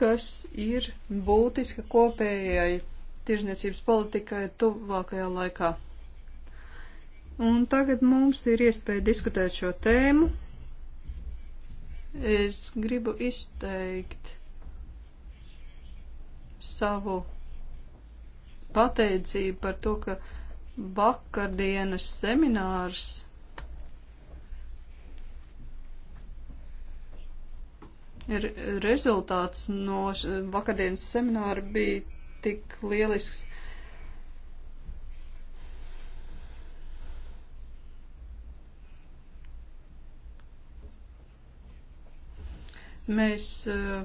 kas ir būtiska kopējai tirzniecības politikai tuvākajā laikā. Un tagad mums ir iespēja diskutēt šo tēmu. Es gribu izteikt savu pateicību par to, ka vakardienas seminārs rezultāts no vakardienas semināra bija tik lielisks. Mēs eh,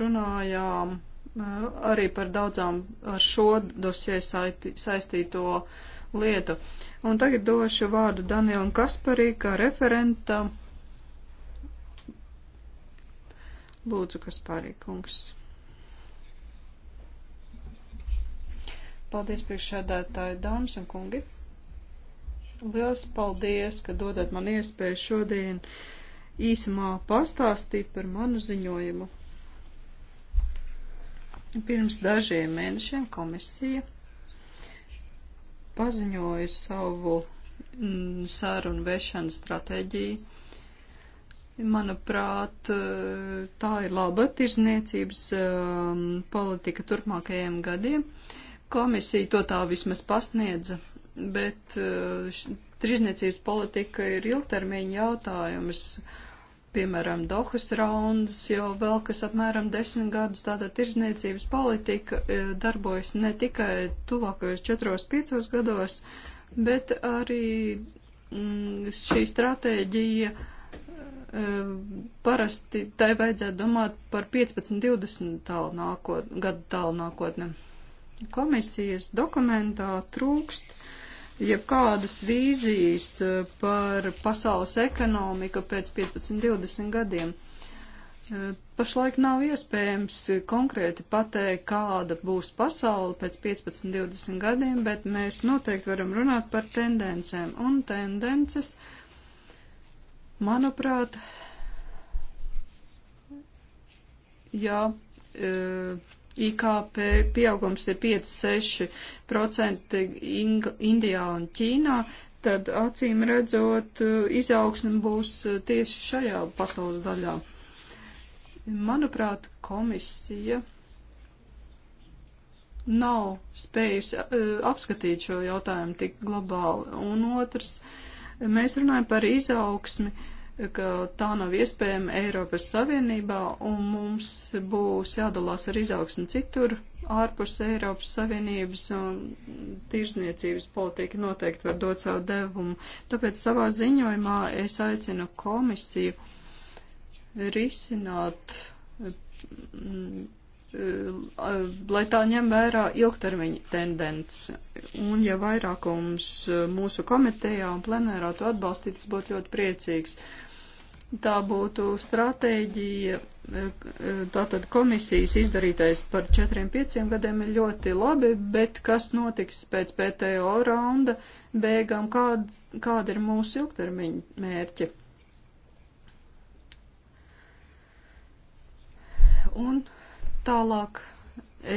runājām eh, arī par daudzām ar šo dosie saistīto lietu. Un tagad došu vārdu Danielam Kasparī kā referentam Lūdzu, kas pārīkums. Paldies priekšsēdētāju dāmas un kungi. Liels paldies, ka dodat man iespēju šodien īsumā pastāstīt par manu ziņojumu. Pirms dažiem mēnešiem komisija paziņoja savu mm, sarunu vešanas stratēģiju Manuprāt, tā ir laba tirzniecības um, politika turpmākajiem gadiem. Komisija to tā vismaz pasniedza, bet uh, tirzniecības politika ir ilgtermiņa jautājums. Piemēram, Dohas raundas jau vēl kas apmēram desmit gadus tāda tirzniecības politika uh, darbojas ne tikai tuvākajos četros, piecos gados, bet arī mm, šī stratēģija Ehm, parasti tai vajadzētu domāt par 15-20 tālu nākot, gadu tālu nākotne. Komisijas dokumentā trūkst jebkādas vīzijas eh, par pasaules ekonomiku pēc 15-20 gadiem. Ehm, pašlaik nav iespējams konkrēti pateikt, kāda būs pasaule pēc 15-20 gadiem, bet mēs noteikti varam runāt par tendencēm. Un tendences uh, Manuprāt, jā, e, IKP pieaugums ir 5-6% Indijā un Ķīnā, tad acīm redzot, e, izaugsme būs e, tieši šajā pasaules daļā. Manuprāt, komisija nav spējusi apskatīt šo jautājumu tik globāli. Un otrs, uh, Mēs runājam par izaugsmi, ka tā nav iespējama Eiropas Savienībā, un mums būs jādalās ar izaugsmi citur, ārpus Eiropas Savienības, un tirzniecības politika noteikti var dot savu devumu. Tāpēc savā ziņojumā es aicinu komisiju risināt lai tā ņem vērā ilgtermiņa tendence. Un ja vairākums e, mūsu komitejā un plenērā to atbalstītas būtu ļoti priecīgs. Tā būtu stratēģija, e, e, tātad komisijas izdarītais par 4-5 gadiem ir ļoti labi, bet kas notiks pēc PTO raunda beigām, kāds, kāda ir mūsu ilgtermiņa mērķi? Un Tālāk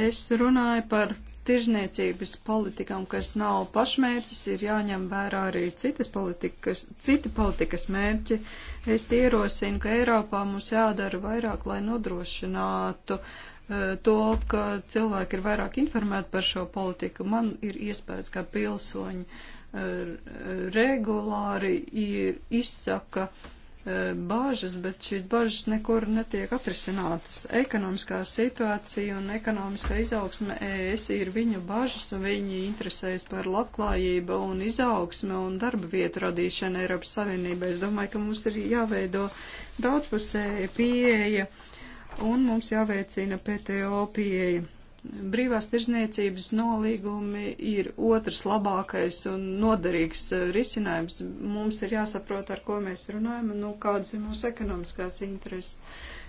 es runāju par tirzniecības politikām, kas nav pašmērķis, ir jāņem vērā arī citas politikas, citi politikas mērķi. Es ierosinu, ka Eiropā mums jādara vairāk, lai nodrošinātu uh, to, ka cilvēki ir vairāk informēti par šo politiku. Man ir iespējas, ka pilsoņi uh, regulāri ir izsaka uh, E, bāžas, bet šīs bāžas nekur netiek atrisinātas. Ekonomiskā situācija un ekonomiskā izaugsme ES ir viņu bāžas, un viņi interesēs par labklājību un izaugsme un darba vietu radīšanu Eiropas Savienībā. Es domāju, ka mums ir jāveido daudzpusēja pieeja, un mums jāveicina PTO pieeja. Brīvās tirzniecības nolīgumi ir otrs labākais un noderīgs eh, risinājums. Mums ir jāsaprot, ar ko mēs runājam un nu, kādas ir mūsu ekonomiskās intereses.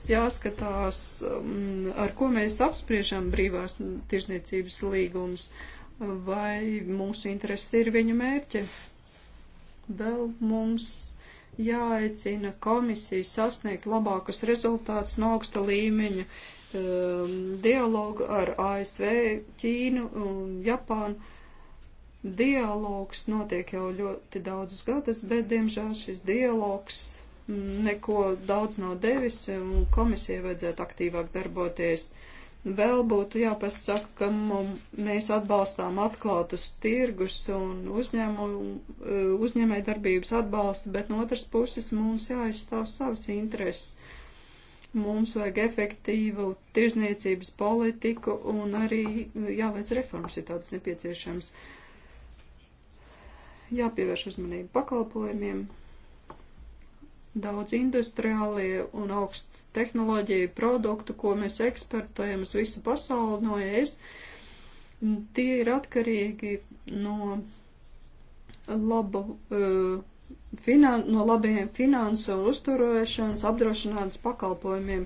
Jāskatās, mm, ar ko mēs apspriežam brīvās tirzniecības līgumus, vai mūsu intereses ir viņu mērķi. Vēl mums jāaicina komisija sasniegt labākus rezultātus no augsta līmeņa. Uh, Um, dialogu ar ASV, Ķīnu un Japānu. Dialogs notiek jau ļoti daudzus gadus, bet, diemžēl, šis dialogs neko daudz nav devis, un komisijai vajadzētu aktīvāk darboties. Vēl būtu jāpasaka, ka mums, mēs atbalstām atklātus tirgus un uzņēmējdarbības atbalstu, bet no otras puses mums jāizstāv savas intereses Mums vajag efektīvu tirzniecības politiku un arī jāveic reformas, ja tādas nepieciešams. Jāpievērš uzmanību pakalpojumiem. Daudz industriālie un augst tehnoloģiju produktu, ko mēs eksportējam uz visu pasauli no ES, tie ir atkarīgi no labu uh, eh, finan no labiem finansu un uzturēšanas apdrošināšanas pakalpojumiem.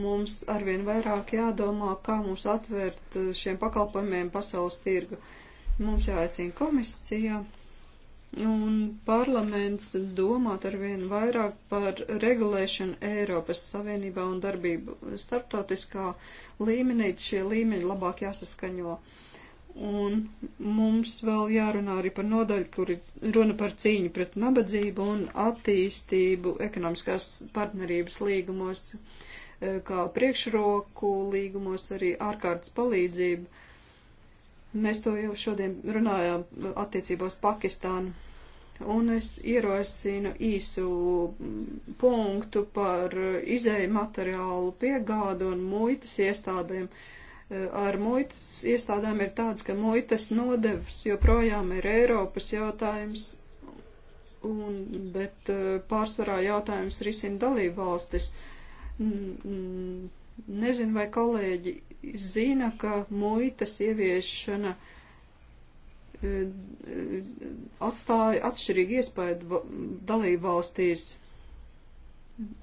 Mums arvien vairāk jādomā, kā mums atvērt eh, šiem pakalpojumiem pasaules tirgu. Mums jāaicina komisija un parlaments domāt arvien vairāk par regulēšanu Eiropas Savienībā un darbību starptautiskā līmenī. Šie līmeņi labāk jāsaskaņo. Uh, Un mums vēl jārunā arī par nodaļu, kur ir runa par cīņu pret nabadzību un attīstību ekonomiskās partnerības līgumos, e, kā priekšroku līgumos arī ārkārtas palīdzību. Mēs to jau šodien runājām attiecībos Pakistānu. Un es ierosinu īsu punktu par izēju materiālu piegādu un muitas iestādēm. Uh, ar muitas iestādēm ir tāds, ka muitas nodevs joprojām ir Eiropas jautājums, un, bet pārsvarā jautājums risina dalību valstis. Nezinu, vai kolēģi zina, ka muitas ieviešana atstāja atšķirīgu iespēju dalību valstīs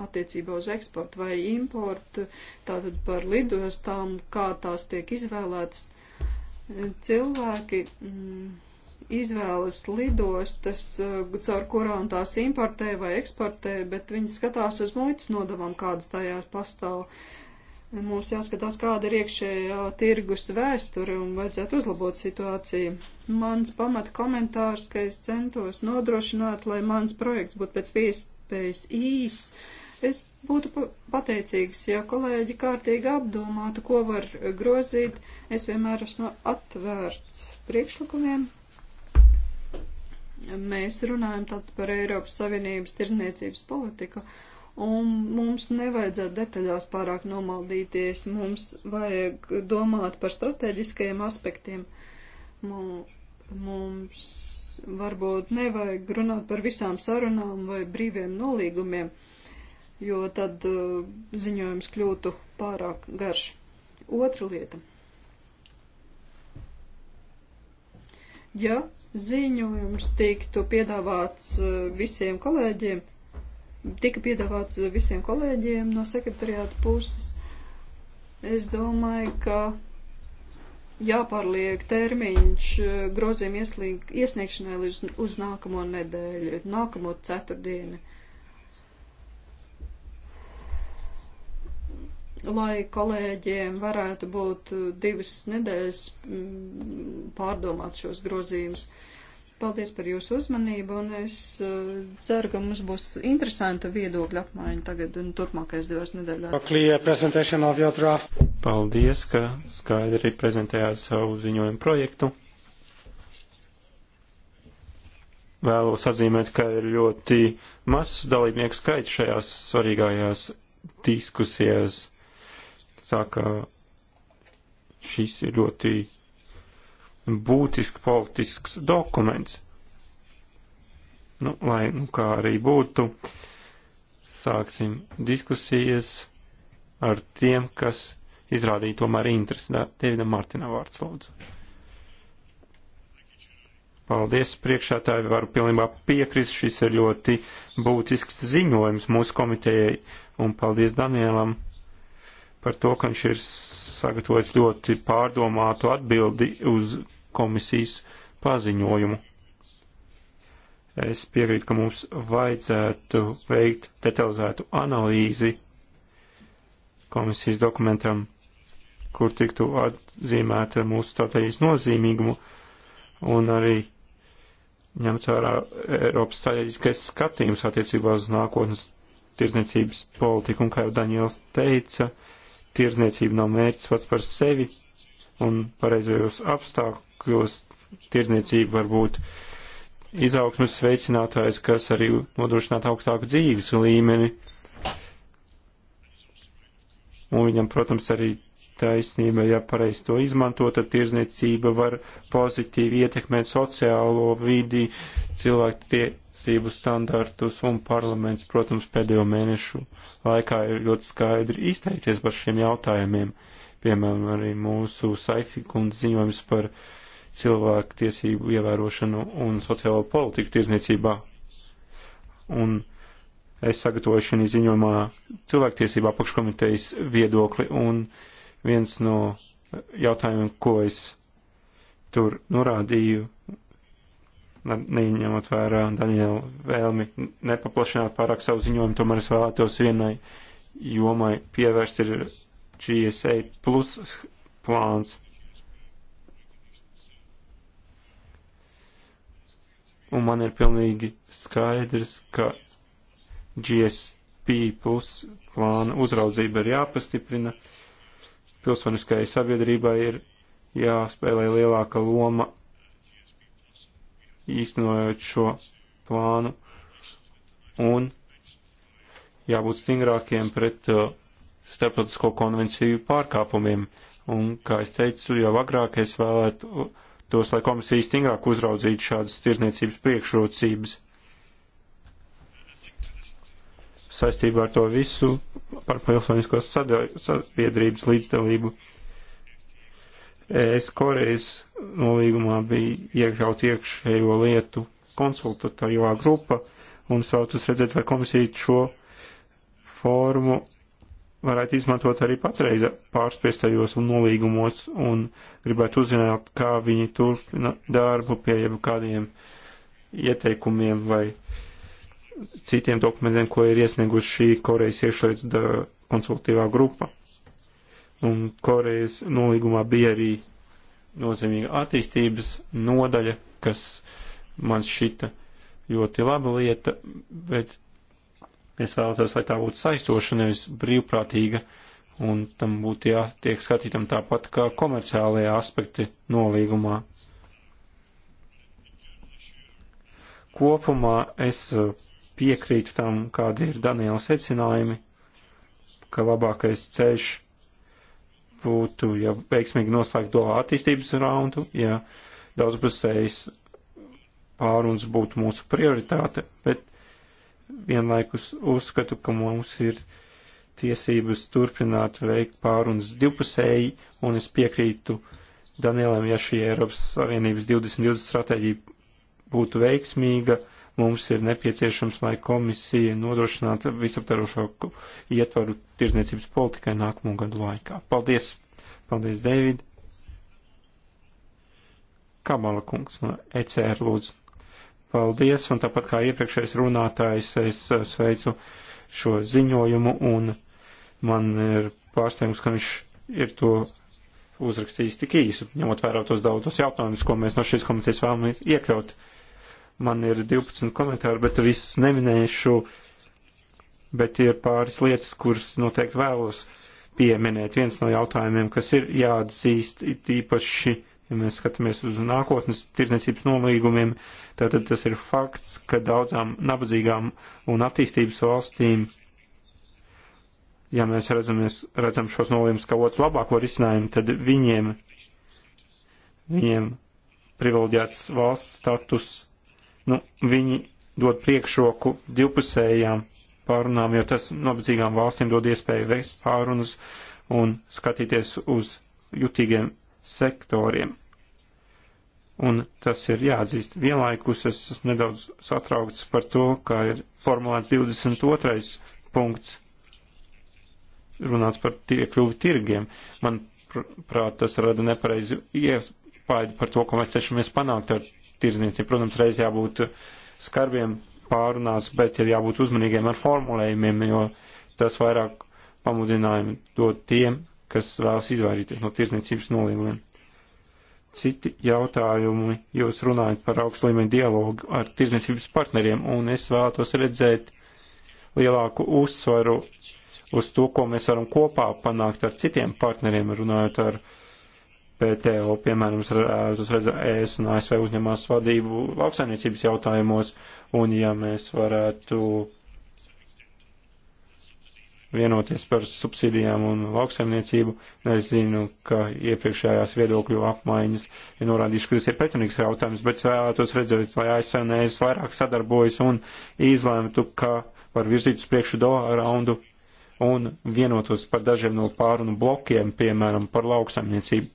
attiecībā uz eksportu vai importu, tātad par lidostām, kā tās tiek izvēlētas. Cilvēki mm, izvēlas lidostas, eh, caur kurām tās importē vai eksportē, bet viņi skatās uz muitas nodavām, kādas tajās pastāv. Mums jāskatās, kāda ir iekšējā tirgus vēsture un vajadzētu uzlabot situāciju. Mans pamata komentārs, ka es centos nodrošināt, lai mans projekts būtu pēc 50 iespējas īs. Es būtu pateicīgs, ja kolēģi kārtīgi apdomātu, ko var grozīt. Es vienmēr esmu atvērts priekšlikumiem. Mēs runājam tātad par Eiropas Savienības tirniecības politiku un mums nevajadzētu detaļās pārāk nomaldīties, mums vajag domāt par strateģiskajiem aspektiem. Mums varbūt nevajag runāt par visām sarunām vai brīviem nolīgumiem, jo tad uh, ziņojums kļūtu pārāk garš. Otra lieta. Ja ziņojums tiktu piedāvāts uh, visiem kolēģiem, tika piedāvāts uh, visiem kolēģiem no sekretariāta puses, es domāju, ka jāpārliek termiņš eh, grozījuma iesniegšanai līdz uz nākamo nedēļu, nākamo ceturtdienu. Lai kolēģiem varētu būt eh, divas nedēļas pārdomāt šos grozījumus. Uh, Paldies par jūsu uzmanību, un es eh, ceru, ka mums būs interesanta viedokļa apmaiņa tagad un turpmākais divas nedēļās. Eh, Paldies, ka skaidri prezentējāt savu ziņojumu projektu. Vēlos atzīmēt, ka ir ļoti mazs dalībnieku skaits šajās svarīgajās diskusijās. Tā kā šis ir ļoti būtisks politisks dokuments. Nu, lai nu kā arī būtu, sāksim diskusijas ar tiem, kas izrādīja tomēr interesi. Davidam Martinam vārds lūdzu. Paldies, priekšētāji, varu pilnībā piekrist, šis ir ļoti būtisks ziņojums mūsu komitejai, un paldies Daniēlam par to, ka viņš ir sagatavojis ļoti pārdomātu atbildi uz komisijas paziņojumu. Es piekrītu, ka mums vajadzētu veikt detalizētu analīzi komisijas dokumentam, kur tiktu atzīmēta mūsu strateģijas nozīmīgumu un arī ņemts vērā Eiropas strateģiskais skatījums attiecībā uz nākotnes tirzniecības politiku, un kā jau Daņiels teica, tirzniecība nav mērķis pats par sevi, un pareizajos apstākļos tirzniecība var būt izaugsmas veicinātājs, kas arī nodrošinātu augstāku dzīves līmeni. Un viņam, protams, arī taisnība, ja pareizi to izmanto, tad tirzniecība var pozitīvi ietekmēt sociālo vidi, cilvēki tie tiesību standartus, un parlaments, protams, pēdējo mēnešu laikā ir ļoti skaidri izteicies par šiem jautājumiem. Piemēram, arī mūsu saifikundas ziņojums par cilvēku tiesību ievērošanu un sociālo politiku tiesniecībā. Un es sagatavoju šī ziņojumā cilvēktiesību apakškomitejas viedokli, un viens no jautājumiem, ko es tur norādīju, neņemot vērā Daniela vēlmi nepaplašināt pārāk savu ziņojumu, tomēr es vēlētos vienai jomai pievērst ir GSA plus plāns. Un man ir pilnīgi skaidrs, ka GSP plus plāna uzraudzība ir jāpastiprina. Pilsoniskai sabiedrībai ir jāspēlē lielāka loma īstenojot šo plānu un jābūt stingrākiem pret uh, starptautisko konvenciju pārkāpumiem. Un, kā es teicu, jau agrāk es vēlētu tos, lai komisija stingrāk uzraudzītu šādas tirzniecības priekšrocības. Saistībā ar to visu par pilsoniskos sabiedrības līdzdalību ES Korejas nolīgumā bija iekļaut iekšējo lietu konsultatīvā grupa, un saucas redzēt, vai komisija šo formu varētu izmantot arī patreiz pārspiestajos nolīgumos, un gribētu uzzināt, kā viņi turpina darbu pie jau kādiem ieteikumiem vai citiem dokumentiem, ko ir iesniegusi šī Korejas iekšlietu konsultīvā grupa un Korejas nolīgumā bija arī nozīmīga attīstības nodaļa, kas man šita ļoti laba lieta, bet es vēlētos, lai tā būtu saistoša, nevis brīvprātīga, un tam būtu jātiek skatītam tāpat kā komerciālajie aspekti nolīgumā. Kopumā es uh, piekrītu tam, kādi ir Daniela secinājumi, ka labākais ceļš būtu, ja veiksmīgi noslēgtu to attīstības raundu, ja daudzpusējas pārunas būtu mūsu prioritāte, bet vienlaikus uzskatu, ka mums ir tiesības turpināt veikt pārunas divpusēji, un es piekrītu Danielam, ja šī Eiropas Savienības 2020 stratēģija būtu veiksmīga, uh, mums ir nepieciešams, lai komisija nodrošinātu visaptarošo ietvaru tirzniecības politikai nākamo gadu laikā. Paldies! Paldies, Deivid! Kamala kungs no ECR lūdzu. Paldies, un tāpat kā iepriekšējais runātājs, es sveicu šo ziņojumu, un man ir pārsteigums, ka viņš ir to uzrakstījis tik īsi, ņemot vērā tos daudzos jautājumus, ko mēs no šīs komitejas vēlamies iekļaut. Uh, Man ir 12 komentāri, bet visus neminēšu, bet ir pāris lietas, kuras noteikti vēlos pieminēt. Viens no jautājumiem, kas ir jāatzīst, it īpaši, ja mēs skatāmies uz nākotnes tirdzniecības nolīgumiem, tātad tas ir fakts, ka daudzām nabadzīgām un attīstības valstīm, ja mēs redzamies, redzam šos nolīgumus kā otru labāko risinājumu, tad viņiem, viņiem privileģēts valsts status nu, viņi dod priekšroku divpusējām pārunām, jo tas nabadzīgām valstīm dod iespēju veikt pārunas un skatīties uz jutīgiem sektoriem. Un tas ir jāatzīst. Vienlaikus es esmu nedaudz satraukts par to, kā ir formulēts 22. punkts runāts par piekļuvi tirgiem. Man prāt, tas rada nepareizi iespaidu par to, ko mēs cenšamies panākt ar tirzniecību. Protams, reiz jābūt skarbiem pārunās, bet ir jābūt uzmanīgiem ar formulējumiem, jo tas vairāk pamudinājumu dod tiem, kas vēlas izvairīties no tirzniecības nolīgumiem. Citi jautājumi, jūs runājat par augstu līmeni dialogu ar tirzniecības partneriem, un es vēlētos redzēt lielāku uzsvaru uz to, ko mēs varam kopā panākt ar citiem partneriem, runājot ar uh, PTO, piemēram, uzreiz ES e un ASV uzņemās vadību lauksainiecības jautājumos, un ja mēs varētu vienoties par subsīdijām un lauksaimniecību. Nezinu, ka iepriekšējās viedokļu apmaiņas ir norādījuši, ka tas ir pretrunīgs jautājums, bet vēlētos redzēt, lai ASV un ES vairāk sadarbojas un izlēmtu, ka var virzīt uz priekšu doā raundu un vienotos par dažiem no pārunu blokiem, piemēram, par lauksaimniecību.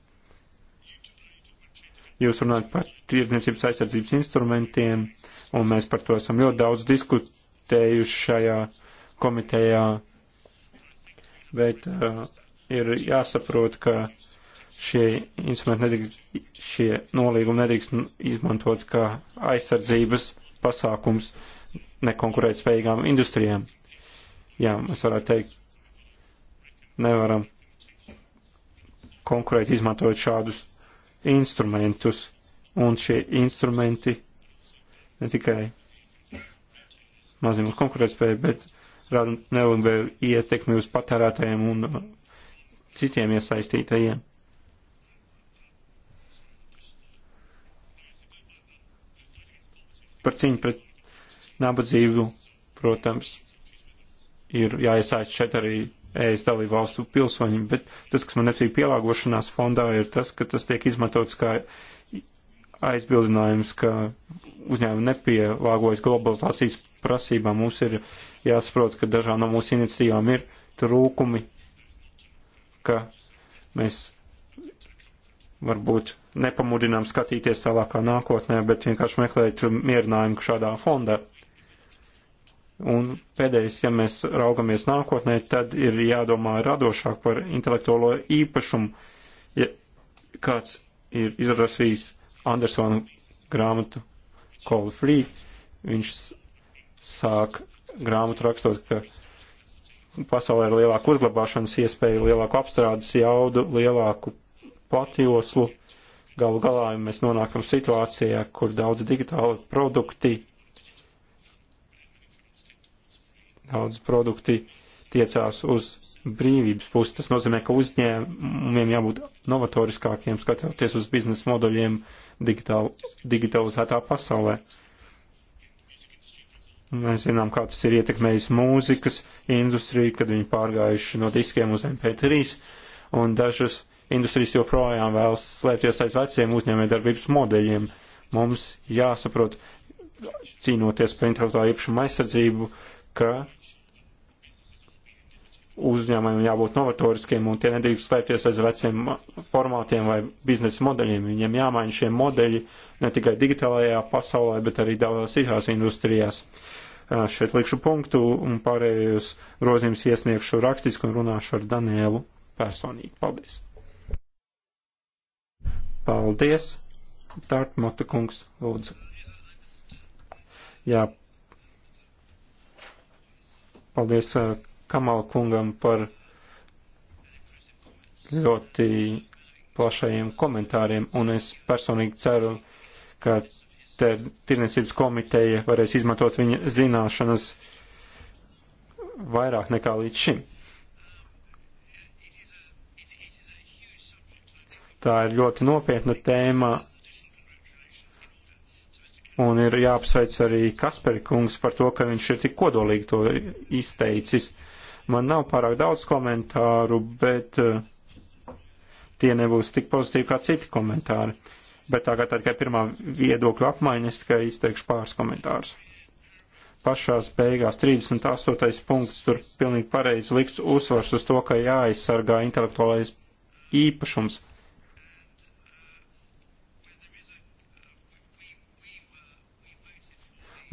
Jūs runājat par tirdzniecības aizsardzības instrumentiem, un mēs par to esam ļoti daudz diskutējuši šajā komitejā. Bet uh, ir jāsaprot, ka šie instrumenti nedrīkst, šie nolīgumi nedrīkst izmantot kā aizsardzības pasākums nekonkurētspējīgām industrijām. Jā, mēs varētu teikt, nevaram konkurēt izmantojot šādus instrumentus, un šie instrumenti ne tikai mazina konkurētspēju, bet rada nelabvēlu ietekmi uz patērētājiem un uh, citiem iesaistītajiem. Par cīņu pret nabadzību, protams, ir jāiesaist šeit arī ES dalību valstu pilsoņiem, bet tas, kas man nepatīk pielāgošanās fondā, ir tas, ka tas tiek izmantots kā aizbildinājums, ka uzņēmumi nepielāgojas globalizācijas prasībām. Mums ir jāsaprot, ka dažām no mūsu iniciatīvām ir trūkumi, ka mēs varbūt nepamudinām skatīties tālākā nākotnē, bet vienkārši meklēt mierinājumu šādā fondā. Un pēdējais, ja mēs raugamies nākotnē, tad ir jādomā radošāk par intelektuālo īpašumu. Ja kāds ir izrasījis Andersona grāmatu Cold Free, viņš sāk grāmatu rakstot, ka pasaulē ir lielāka uzglabāšanas iespēja, lielāku apstrādes jaudu, lielāku platjoslu. Galu galā mēs nonākam situācijā, kur daudz digitāli produkti Daudz produkti tiecās uz brīvības pusi. Tas nozīmē, ka uzņēmumiem jābūt novatoriskākiem, skatoties uz biznesa modeļiem digital, digitalizētā pasaulē. Mēs zinām, kā tas ir ietekmējis mūzikas industriju, kad viņi pārgājuši no diskiem uz MP3, un dažas industrijas joprojām vēlas slēpties aiz veciem uzņēmējdarbības modeļiem. Mums jāsaprot, cīnoties par intelektuālo īpašumu aizsardzību, uh, ka uzņēmumiem jābūt novatoriskiem un tie nedrīkst slēpties aiz veciem formātiem vai biznesa modeļiem. Viņiem jāmaina šie modeļi ne tikai digitālajā pasaulē, bet arī daudzās citās industrijās. Šeit likšu punktu un pārējos grozījums iesniegšu rakstiski un runāšu ar Danielu personīgi. Paldies! Paldies! Dārtmota kungs, lūdzu. Jā, Paldies uh, Kamal kungam par ļoti plašajiem komentāriem, un es personīgi ceru, ka Tirniecības komiteja varēs izmantot viņa zināšanas vairāk nekā līdz šim. Tā ir ļoti nopietna tēma, Un ir jāapsveic arī Kasperi kungs par to, ka viņš ir tik kodolīgi to izteicis. Man nav pārāk daudz komentāru, bet eh, tie nebūs tik pozitīvi kā citi komentāri. Bet tā kā tā tikai pirmā viedokļa apmaiņa, es tikai izteikšu pāris komentārus. Pašās beigās 38. punkts tur pilnīgi pareizi liks uzsvars uz to, ka jāaizsargā intelektuālais īpašums.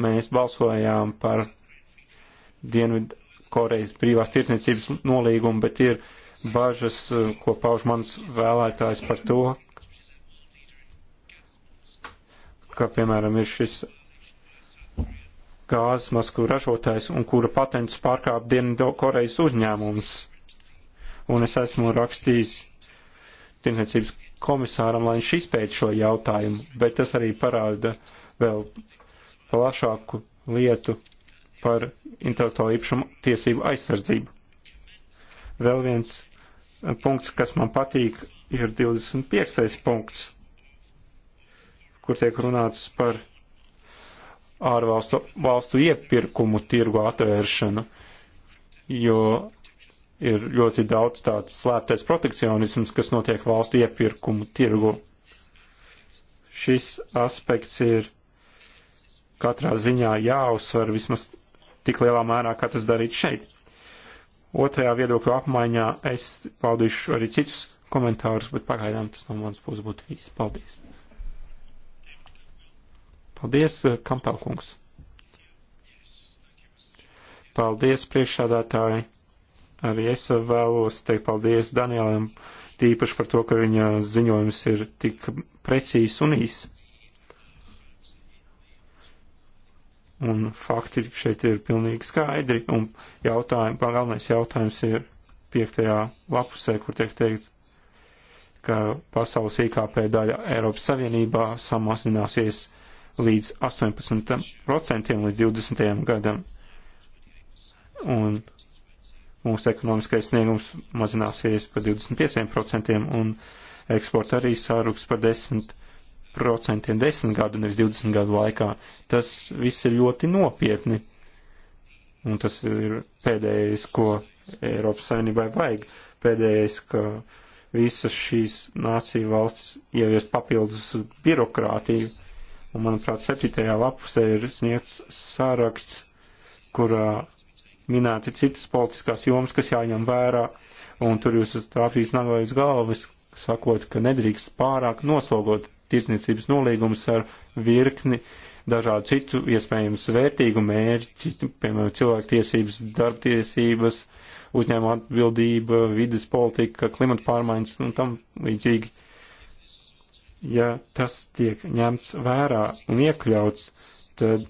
Mēs balsojām par Dienvidu Korejas brīvās tirsniecības nolīgumu, bet ir bažas, ko pauž mans vēlētājs par to, ka, piemēram, ir šis gāzes masku ražotājs un kura patents pārkāp Dienvidkorejas uzņēmums. Un es esmu rakstījis tirsniecības komisāram, lai viņš izpēta šo jautājumu, bet tas arī parāda vēl plašāku lietu par intelektuālo īpašumu tiesību aizsardzību. Vēl viens eh, punkts, kas man patīk, ir 25. punkts, kur tiek runāts par ārvalstu valstu iepirkumu tirgu atvēršanu, jo ir ļoti daudz tāds slēptais protekcionisms, kas notiek valstu iepirkumu tirgu. Šis aspekts ir katrā ziņā jāuzsver vismaz tik lielā mērā, kā tas darīt šeit. Otrajā viedokļu apmaiņā es paudīšu arī citus komentārus, bet pagaidām tas no manas puses būtu viss. Paldies! Paldies, eh, Kampelkungs! Paldies, priekšsādātāji! Arī es vēlos teikt paldies Danielam, tīpaši par to, ka viņa ziņojums ir tik precīzs un īss. Un fakti šeit ir pilnīgi skaidri, un jautājum, galvenais jautājums ir piektajā lapusē, kur tiek teikts, ka pasaules IKP daļa Eiropas Savienībā samazināsies līdz 18% līdz 20. gadam. Un mūsu ekonomiskais sniegums mazināsies par 25% un eksporta arī sāruks par 10% procentiem desmit gadu, nevis 20 gadu laikā. Tas viss ir ļoti nopietni. Un tas ir pēdējais, ko Eiropas Savienībai vajag. Pēdējais, ka visas šīs nāciju valstis ievies papildus birokrātiju. Un, manuprāt, septītajā lapusē ir sniegts sāraksts, kurā minēti citas politiskās jomas, kas jāņem vērā. Un tur jūs esat trāpījis nagla uz galvas, sakot, ka nedrīkst pārāk noslogot tirsniecības nolīgumus ar virkni dažādu citu iespējams vērtīgu mērķi, piemēram, cilvēktiesības, darbtiesības, uzņēmuma atbildība, vidas politika, klimata pārmaiņas un tam līdzīgi. Ja tas tiek ņemts vērā un iekļauts, tad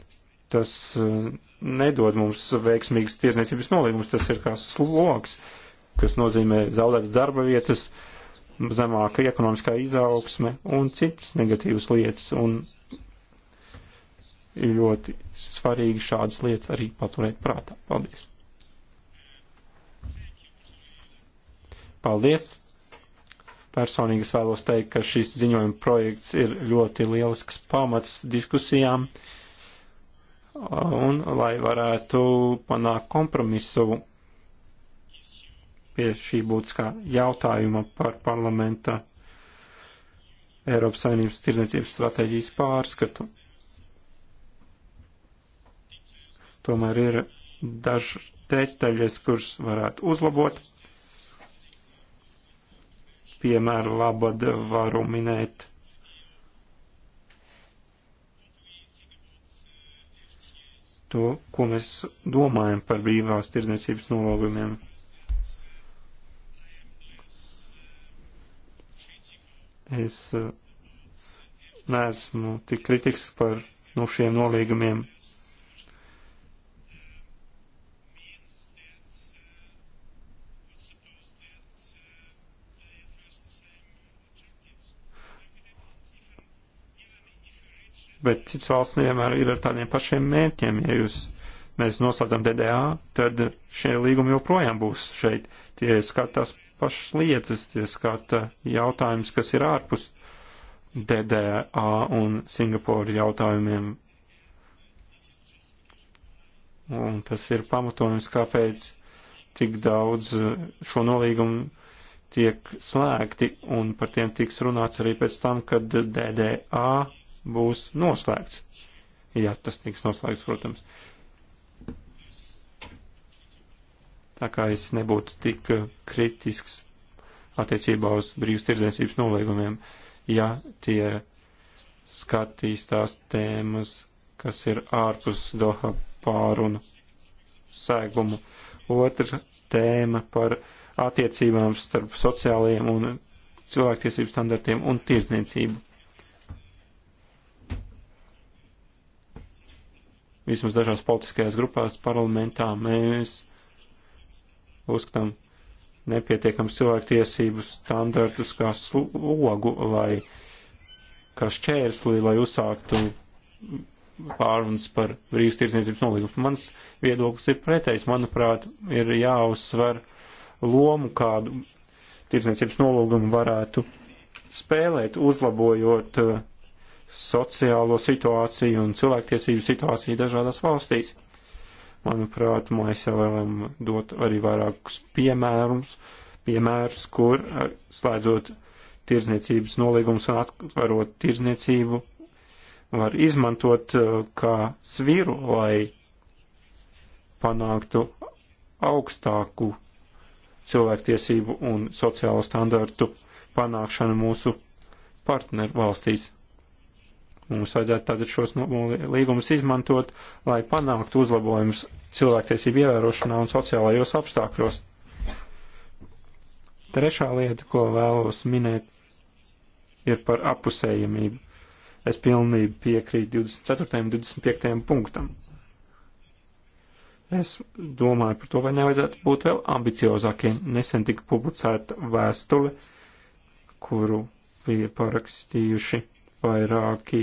tas eh, nedod mums veiksmīgas tiesniecības nolīgumus, tas ir kā sloks, kas nozīmē zaudētas darba vietas, uh, zemāka ekonomiskā izaugsme un citas negatīvas lietas, un ir ļoti svarīgi šādas lietas arī paturēt prātā. Paldies! Paldies! Personīgi es vēlos teikt, ka šis ziņojuma projekts ir ļoti lielisks pamats diskusijām, un lai varētu panākt kompromisu pie šī būtiskā jautājuma par parlamenta Eiropas Savienības tirdzniecības stratēģijas pārskatu. Tomēr ir dažas detaļas, kuras varētu uzlabot. Piemēra labad varu minēt. To, ko mēs domājam par brīvās tirdzniecības nolūgumiem Es eh, neesmu tik kritisks par nu, šiem nolīgumiem. Bet cits valsts nevienmēr ir ar tādiem pašiem mērķiem. Ja jūs mēs noslēdzam DDA, tad šie līgumi joprojām būs šeit. Tie skatās pašas lietas, ja skata jautājums, kas ir ārpus DDA un Singapūra jautājumiem. Un tas ir pamatojums, kāpēc tik daudz šo nolīgumu tiek slēgti, un par tiem tiks runāts arī pēc tam, kad DDA būs noslēgts. Ja tas tiks noslēgts, protams. Uh, tā kā es nebūtu tik kritisks attiecībā uz brīvas tirdzniecības nolīgumiem, ja tie skatīs tās tēmas, kas ir ārpus Doha pārunu sēgumu. Otra tēma par attiecībām starp sociālajiem un cilvēktiesību standartiem un tirdzniecību. Vismaz dažās politiskajās grupās parlamentā mēs uzskatām nepietiekams cilvēktiesību standartus kā slogu vai kā šķērsli, lai uzsāktu pārunas par brīvas tirdzniecības nolīgumu. Mans viedoklis ir pretējs. Manuprāt, ir jāuzsver lomu, kādu tirdzniecības nolūgumu varētu spēlēt, uzlabojot eh, sociālo situāciju un cilvēktiesību situāciju dažādās valstīs. Manuprāt, mēs jau varam dot arī vairākus piemērums, piemērus, kur slēdzot tirzniecības nolīgums un atverot tirzniecību, var izmantot uh, kā sviru, lai panāktu augstāku cilvēktiesību un sociālo standartu panākšanu mūsu partneru valstīs. Mums vajadzētu tātad šos līgumus izmantot, lai panāktu uzlabojumus cilvēktiesību ievērošanā un sociālajos apstākļos. Trešā lieta, ko vēlos minēt, ir par apusējamību. Es pilnīgi piekrītu 24. un 25. punktam. Es domāju par to, vai nevajadzētu būt vēl ambiciozākiem. Nesen tika publicēta vēstule, kuru bija parakstījuši vairāki,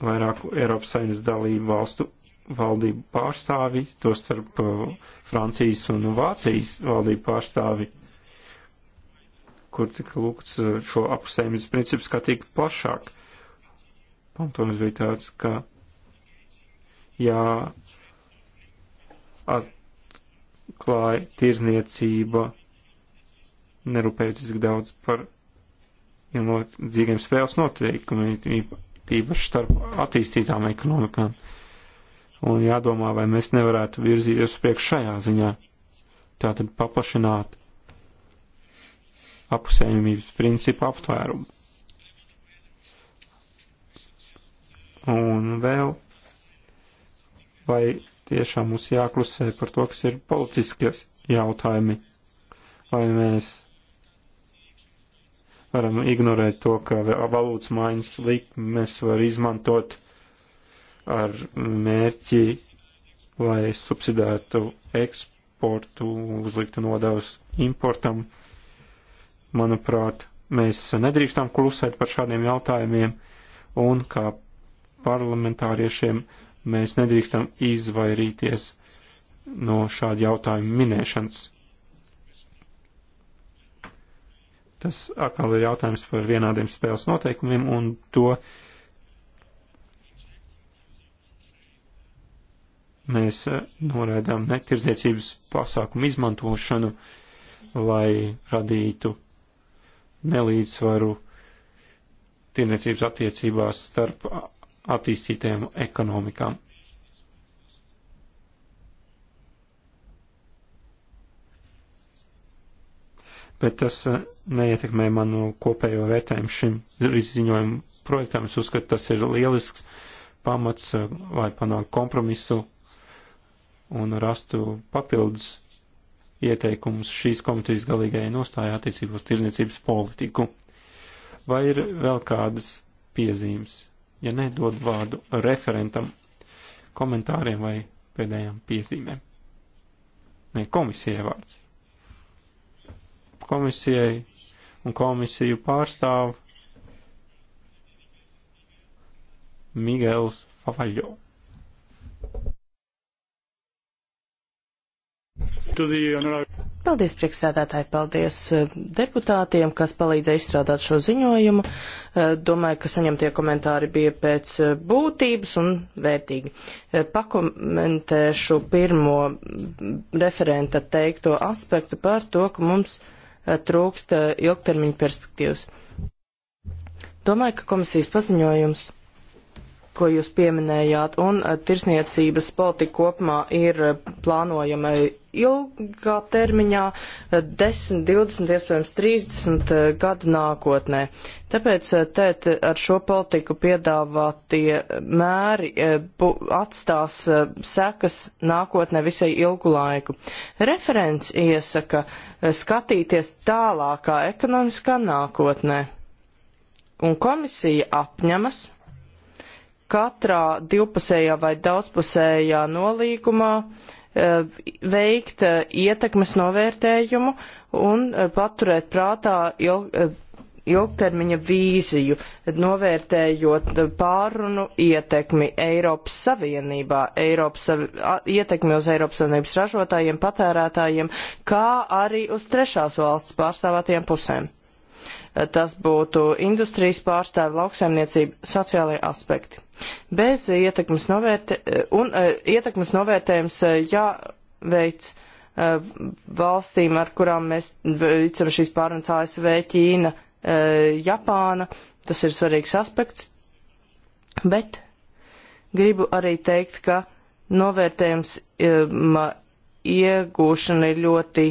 vairāku Eiropas Savienības dalību valstu valdību pārstāvi, to starp uh, Francijas un Vācijas valdību pārstāvi, kur tika lūgts uh, šo apusējumības principu skatīt plašāk. Pamatojums bija tāds, ka jā, atklāja tirzniecība, nerūpējoties tik daudz par ir nodzīgiem spēles noteikumi, īpaši starp attīstītām ekonomikām. Un jādomā, vai mēs nevarētu virzīties priekš šajā ziņā. Tātad paplašināt apusējumības principu aptvērumu. Un vēl, vai tiešām mums jāklusē par to, kas ir politiskie jautājumi, vai mēs Varam ignorēt to, ka valūtas maiņas likmes var izmantot ar mērķi, lai subsidētu eksportu, uzliktu nodevas importam. Manuprāt, mēs nedrīkstam klusēt par šādiem jautājumiem, un kā parlamentāriešiem mēs nedrīkstam izvairīties no šāda jautājuma minēšanas. Tas atkal ir jautājums par vienādiem spēles noteikumiem un to mēs eh, noraidām netirdzniecības pasākumu izmantošanu, lai radītu nelīdzsvaru tirdzniecības attiecībās starp attīstītajām ekonomikām. bet tas eh, neietekmē manu kopējo vērtējumu šim ziņojumu projektam. Es uzskatu, tas ir lielisks pamats, eh, lai panāktu kompromisu un rastu papildus ieteikumus šīs komitejas galīgajai nostājā attiecībā uz tirniecības politiku. Vai ir vēl kādas piezīmes? Ja nedod vārdu referentam, komentāriem vai pēdējām piezīmēm. Nē, komisijai vārds komisijai un komisiju pārstāv Migels Favaļo. Paldies, priekšsēdētāji, paldies eh, deputātiem, kas palīdzēja izstrādāt šo ziņojumu. Eh, domāju, ka saņemtie komentāri bija pēc eh, būtības un vērtīgi. Pakomentēšu pirmo referenta teikto aspektu par to, ka mums trūkst eh, ilgtermiņa perspektīvas. Domāju, ka komisijas paziņojums ko jūs pieminējāt, un eh, tirsniecības politika kopumā ir eh, plānojama ilgā termiņā, 10, eh, 20, iespējams 30 gadu nākotnē. Tāpēc tēt ar šo politiku piedāvātie mēri atstās sekas nākotnē visai ilgu laiku. Referents iesaka skatīties tālākā ekonomiskā nākotnē. Un komisija apņemas katrā divpusējā vai daudzpusējā nolīgumā eh, veikt eh, ietekmes novērtējumu un eh, paturēt prātā ilg, ilgtermiņa vīziju, novērtējot pārunu ietekmi Eiropas Savienībā, Eiropas, ietekmi uz Eiropas Savienības ražotājiem, patērētājiem, kā arī uz trešās valsts pārstāvētajiem pusēm tas būtu industrijas pārstāvi, lauksaimniecība, sociālajie aspekti. Bez ietekmes, novērtē, un, e, ietekmes novērtējums e, jāveic e, valstīm, ar kurām mēs veicam šīs pārunas ASV, Ķīna, Japāna. Tas ir svarīgs aspekts. Bet gribu arī teikt, ka novērtējums iegūšana ir ļoti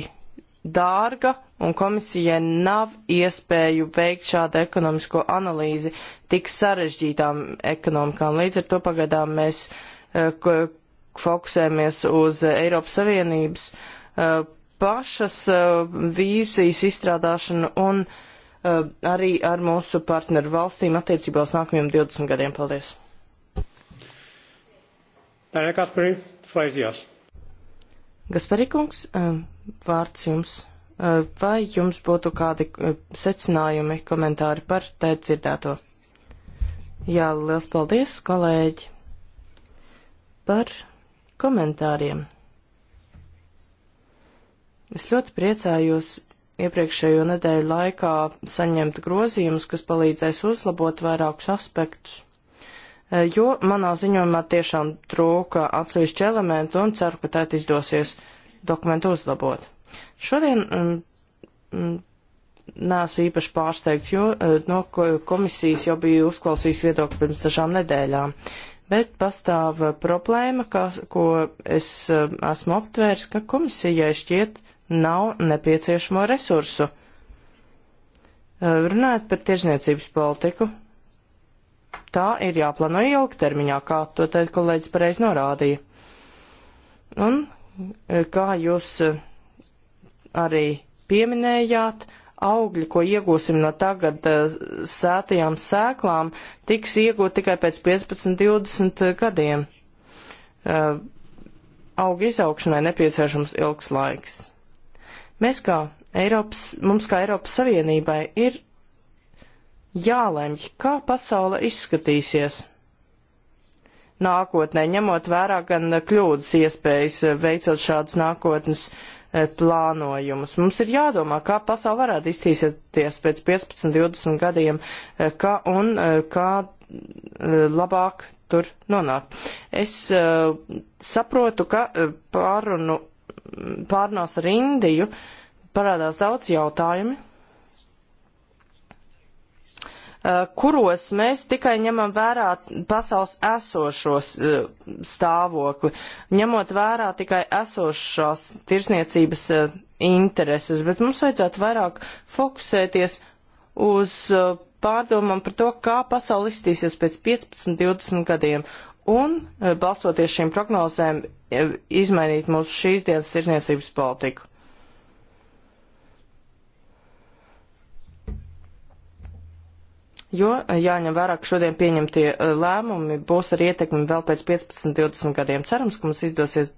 dārga, un komisijai nav iespēju veikt šādu ekonomisko analīzi tik sarežģītām ekonomikām. Līdz ar to pagaidām mēs uh, fokusējamies uz Eiropas Savienības uh, pašas uh, vīzijas izstrādāšanu un arī ar mūsu partneru valstīm attiecībā uz nākamajiem 20 gadiem. Paldies! Gaspari kungs, vārds jums. Eh, vai jums būtu kādi eh, secinājumi, komentāri par te dzirdēto? Jā, liels paldies, kolēģi, par komentāriem. Es ļoti priecājos iepriekšējo nedēļu laikā saņemt grozījumus, kas palīdzēs uzlabot vairākus aspektus eh, jo manā ziņojumā tiešām trūka atsevišķi elementi un ceru, ka tā izdosies dokumentu uzlabot. Šodien um, nesu īpaši pārsteigts, jo e, no komisijas jau biju uzklausījis viedokli pirms dažām nedēļām. Bet pastāv e, problēma, ka, ko es e, esmu aptvērs, ka komisijai šķiet nav nepieciešamo resursu. Runājot par tirzniecības politiku, tā ir jāplāno ilgtermiņā, kā to teikt kolēģis pareiz norādīja. Un kā jūs eh, arī pieminējāt, augļi, ko iegūsim no tagad eh, sētajām sēklām, tiks iegūt tikai pēc 15-20 gadiem. Eh, auga izaugšanai nepieciešams ilgs laiks. Mēs kā Eiropas, mums kā Eiropas Savienībai ir jālemj, kā pasaule izskatīsies nākotnē, ņemot vērā gan kļūdas iespējas, eh, veicot šādas nākotnes eh, plānojumus. Mums ir jādomā, kā pasauli varētu iztīsties pēc 15, 20 gadiem, eh, kā un kā labāk tur nonākt. Es saprotu, ka pārunu, pārnās ar Indiju parādās daudz jautājumi, Eh, kuros mēs tikai ņemam vērā pasaules esošos eh, stāvokli, ņemot vērā tikai esošās tirsniecības eh, intereses, bet mums vajadzētu vairāk fokusēties uz pārdomām par to, kā pasauli izstīsies pēc 15, 20 gadiem un, balstoties šīm prognozēm, izmainīt mūsu šīs dienas tirsniecības politiku. jo eh, jāņem vērā, ka šodien pieņemtie eh, lēmumi būs ar ietekmi vēl pēc 15-20 gadiem. Cerams, ka mums izdosies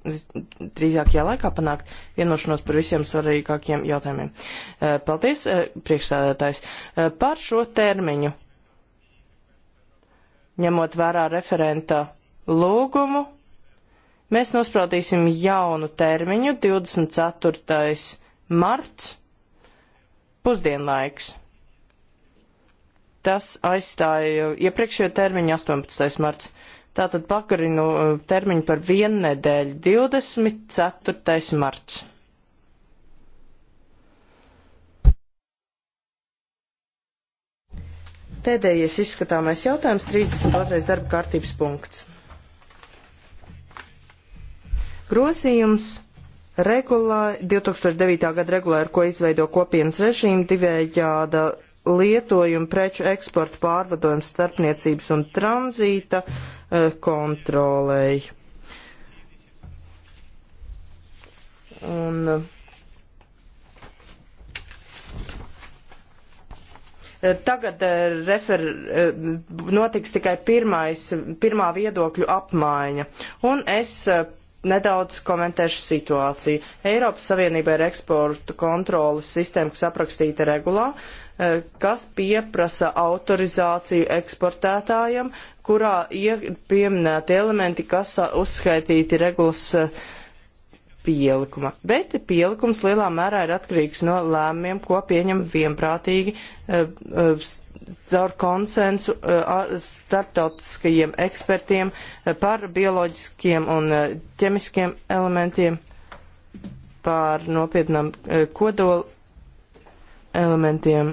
drīzākajā laikā panākt vienošanos par visiem svarīgākiem jautājumiem. Eh, paldies, priekšsēdētājs, par šo termiņu. Ņemot vērā referenta lūgumu, mēs nospraudīsim jaunu termiņu 24. marts pusdienlaiks. Tas aizstāja iepriekšējo termiņu 18. marts. Tātad pagarinu eh, termiņu par vienu nedēļu 24. marts. Pēdējais izskatāmais jautājums, 32. darba kārtības punkts. Grozījums regulā, 2009. gada regulā, ar ko izveido kopienas režīmu divējāda lietojumu preču eksporta pārvadojums starpniecības un tranzīta eh, kontrolei. Un eh, tagad eh, refer, notiks tikai pirmais, pirmā viedokļu apmaiņa. Un es nedaudz komentēšu situāciju. Eiropas Savienībā ir eksporta kontrolas sistēma, kas aprakstīta regulā, eh, kas pieprasa autorizāciju eksportētājam, kurā ir pieminēti elementi, kas uzskaitīti regulas uh, pielikuma, bet pielikums lielā mērā ir atkarīgs no lēmumiem, ko pieņem vienprātīgi eh, eh, caur konsensu eh, starptautiskajiem ekspertiem par bioloģiskiem un ķemiskiem elementiem, par nopietnām kodola elementiem.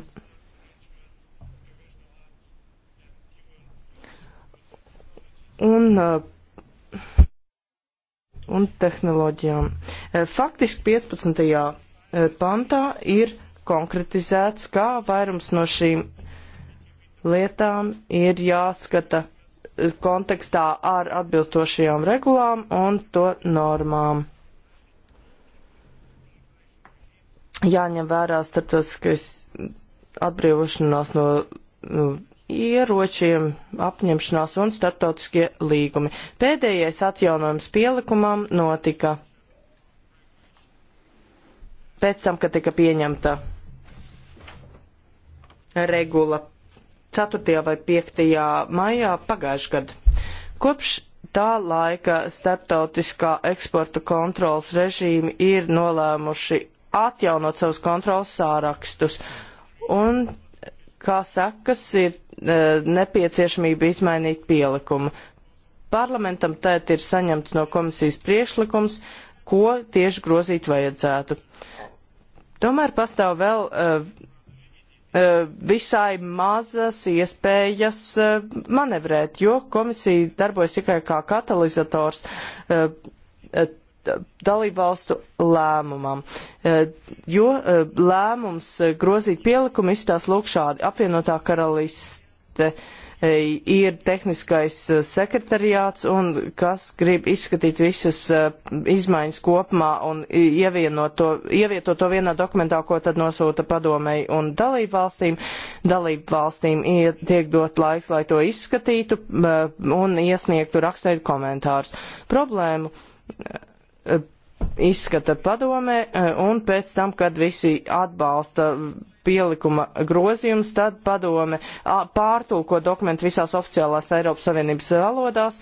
Un uh, un tehnoloģijām. E, faktiski 15. E, pantā ir konkretizēts, kā vairums no šīm lietām ir jāskata e, kontekstā ar atbilstošajām regulām un to normām. Jāņem vērā starptautiskais atbrīvošanās no nu, ieročiem apņemšanās un starptautiskie līgumi. Pēdējais atjaunojums pielikumam notika pēc tam, kad tika pieņemta regula 4. vai 5. maijā pagājušajā gadā. Kopš tā laika starptautiskā eksporta kontrolas režīmi ir nolēmuši atjaunot savus kontrolas sārakstus. Un kā sekas ir e, nepieciešamība izmainīt pielikumu. Parlamentam tēt ir saņemts no komisijas priekšlikums, ko tieši grozīt vajadzētu. Tomēr pastāv vēl uh, uh, visai mazas iespējas uh, manevrēt, jo komisija darbojas tikai kā katalizators. Uh, dalībvalstu lēmumam, e, jo e, lēmums e, grozīt pielikumu izstās lūk šādi. Apvienotā karaliste ir tehniskais sekretariāts un kas grib izskatīt visas izmaiņas kopumā un to, ievieto to vienā dokumentā, ko tad nosūta padomei un dalību valstīm. Dalību valstīm tiek dot laiks, lai to izskatītu un iesniegtu rakstēt komentārus. Problēmu Eh, izskata padomē, eh, un pēc tam, kad visi atbalsta pielikuma grozījums, tad padome pārtulko dokumentu visās oficiālās Eiropas Savienības valodās.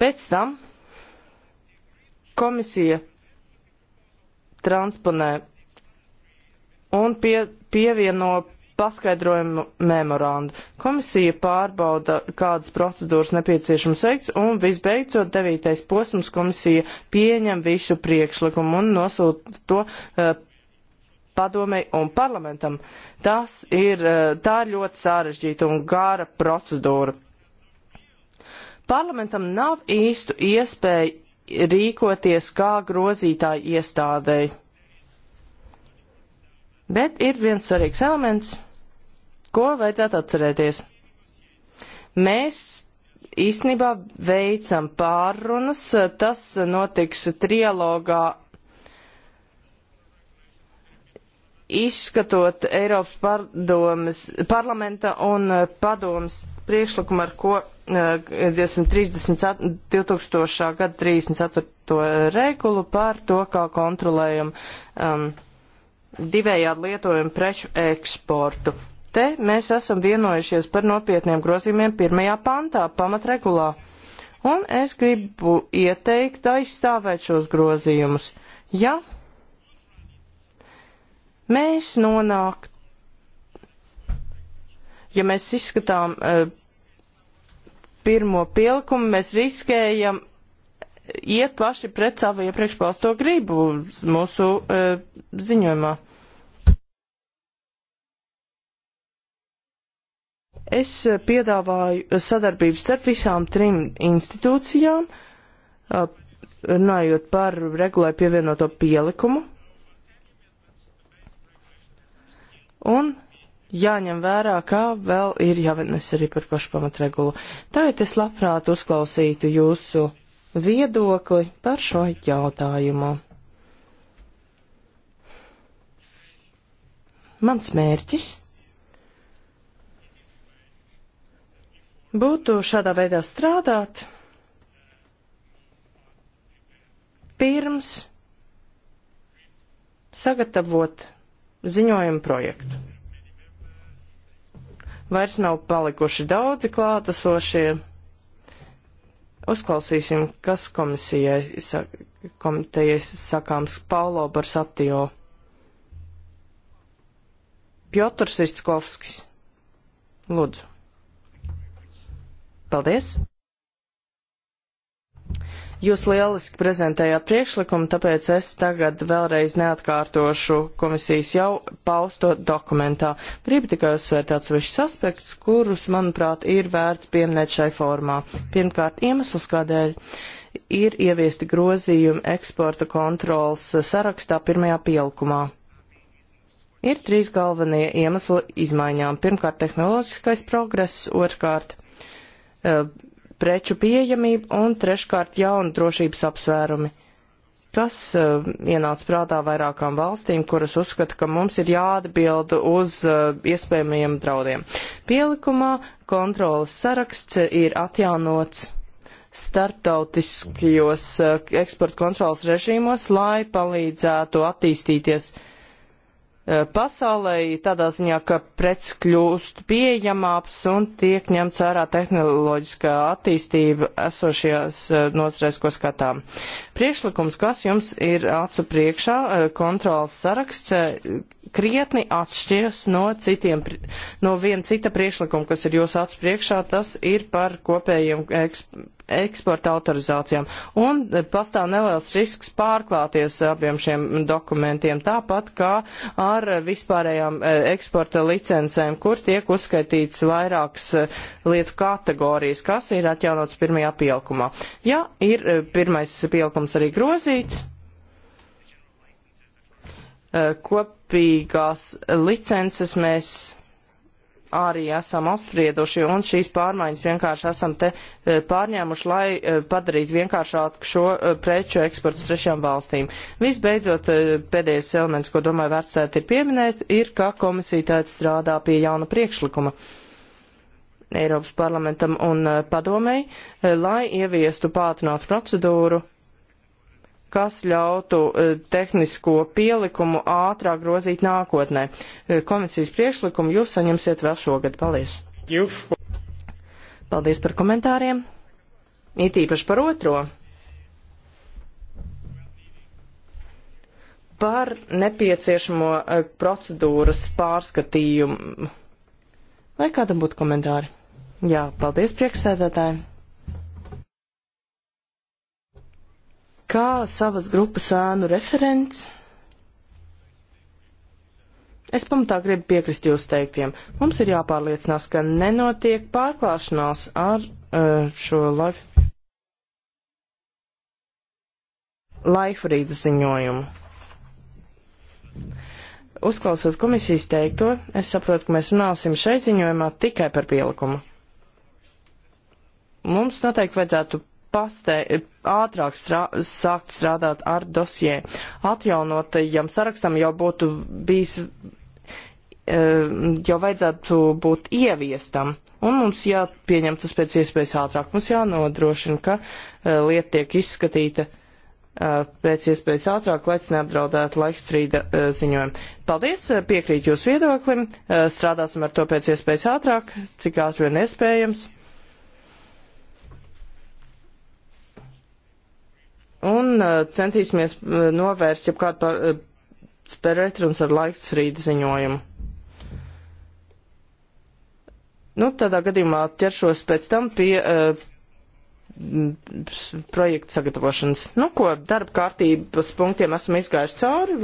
Pēc tam komisija transponē un pie, pievieno paskaidrojumu memorandu. Komisija pārbauda, kādas procedūras nepieciešams veikts, un visbeidzot, devītais posms komisija pieņem visu priekšlikumu un nosūta to uh, padomei un parlamentam. Tas ir, uh, tā ir ļoti sarežģīta un gara procedūra. Parlamentam nav īstu iespēju rīkoties kā grozītāji iestādēji Bet ir viens svarīgs elements, ko vajadzētu atcerēties. Mēs īstenībā veicam pārrunas, tas notiks trialogā izskatot Eiropas pardomes, parlamenta un padomes priekšlikumu, ar ko 2030, eh, 2000. gada 34. regulu par to, kā kontrolējam um, divējādi lietojumu preču eksportu. Te mēs esam vienojušies par nopietniem grozījumiem pirmajā pantā pamatregulā. Un es gribu ieteikt aizstāvēt šos grozījumus. Ja mēs nonāktu, ja mēs izskatām uh, pirmo pielikumu, mēs riskējam iet paši pret savu iepriekš pausto gribu mūsu uh, ziņojumā. Es piedāvāju sadarbību starp visām trim institūcijām, uh, runājot par regulēju pievienoto pielikumu. Un jāņem vērā, kā vēl ir jāvednes arī par pašu pamatregulu. Tā ir es labprāt uzklausītu jūsu viedokli par šo jautājumu. Mans mērķis būtu šādā veidā strādāt pirms sagatavot ziņojumu projektu. Vairs nav palikuši daudzi klātesošie Uzklausīsim, kas komisijai, komitejai sakāms Paulo Barsatio. Piotrs Istskovskis. Lūdzu. Paldies! Jūs lieliski prezentējāt priekšlikumu, tāpēc es tagad vēlreiz neatkārtošu komisijas jau pausto dokumentā. Gribu tikai uzsvērt atsevišķus aspektus, kurus, manuprāt, ir vērts pieminēt šai formā. Pirmkārt, iemesls, kādēļ ir ieviesti grozījumi eksporta kontrols sarakstā pirmajā pielikumā. Ir trīs galvenie iemesli izmaiņām. Pirmkārt, tehnoloģiskais progress, otrkārt, uh, preču pieejamība un treškārt jauni drošības apsvērumi. Tas uh, eh, ienāca prātā vairākām valstīm, kuras uzskata, ka mums ir jāatbild uz uh, iespējamajiem draudiem. Pielikumā kontrolas saraksts ir atjaunots starptautiskajos uh, eksporta kontrolas režīmos, lai palīdzētu attīstīties uh, Eh, pasaulē tādā ziņā, ka preci kļūst pieejamāks un tiek ņemts vērā tehnoloģiskā attīstība esošajās eh, nozarēs, ko skatām. Priekšlikums, kas jums ir acu priekšā, eh, kontrols saraksts, krietni atšķiras no, citiem, no viena cita priekšlikuma, kas ir jūsu acu priekšā, tas ir par kopējiem eksporta autorizācijām. Un e, pastāv neliels risks pārklāties abiem šiem dokumentiem, tāpat kā ar vispārējām e, eksporta licencēm, kur tiek uzskaitīts vairākas e, lietu kategorijas, kas ir atjaunots pirmajā pielikumā. Ja ir pirmais pielikums arī grozīts, kopīgās licences mēs arī esam apsprieduši, un šīs pārmaiņas vienkārši esam te eh, pārņēmuši, lai eh, padarītu vienkāršāku šo eh, preču eksportu uz trešām valstīm. Visbeidzot, pēdējais elements, ko domāju vērtsēt ir pieminēt, ir, ka komisija tāda strādā pie jauna priekšlikuma. Eiropas parlamentam un padomei, lai ieviestu pātrinātu procedūru kas ļautu eh, tehnisko pielikumu ātrāk grozīt nākotnē. Eh, komisijas priekšlikumu jūs saņemsiet vēl šogad. Paldies! Paldies par komentāriem! It īpaši par otro. Par nepieciešamo eh, procedūras pārskatījumu. Vai kādam būtu komentāri? Jā, paldies priekšsēdētājiem! kā savas grupas ēnu referents. Es pamatā gribu piekrist jūsu teiktiem. Mums ir jāpārliecinās, ka nenotiek pārklāšanās ar uh, šo life... Laifrīda ziņojumu. Uzklausot komisijas teikto, es saprotu, ka mēs runāsim šai ziņojumā tikai par pielikumu. Mums noteikti vajadzētu pastē, ātrāk strā, sākt strādāt ar dosie. Atjaunotajam sarakstam jau būtu bijis, e, jau vajadzētu būt ieviestam. Un mums jāpieņem tas pēc iespējas ātrāk. Mums jānodrošina, ka e, lieta tiek izskatīta e, pēc iespējas ātrāk, lai neapdraudētu laikstrīda ziņojumu. Paldies, piekrīt jūsu viedoklim, strādāsim ar to pēc iespējas ātrāk, cik ātri vien iespējams. un uh, centīsimies uh, novērst jau kādu pretruns uh, ar laiks rīt ziņojumu. Nu, tādā gadījumā ķeršos pēc tam pie uh, projekta sagatavošanas. Nu, ko darba kārtības punktiem esam izgājuši cauri,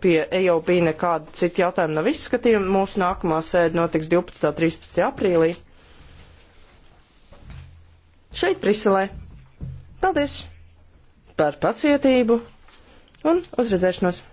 pie EOB nekāda cita jautājuma nav izskatījuma. Mūsu nākamā sēde notiks 12. un 13. aprīlī. Šeit, Briselē. Paldies! par pacietību un uzredzēšanos!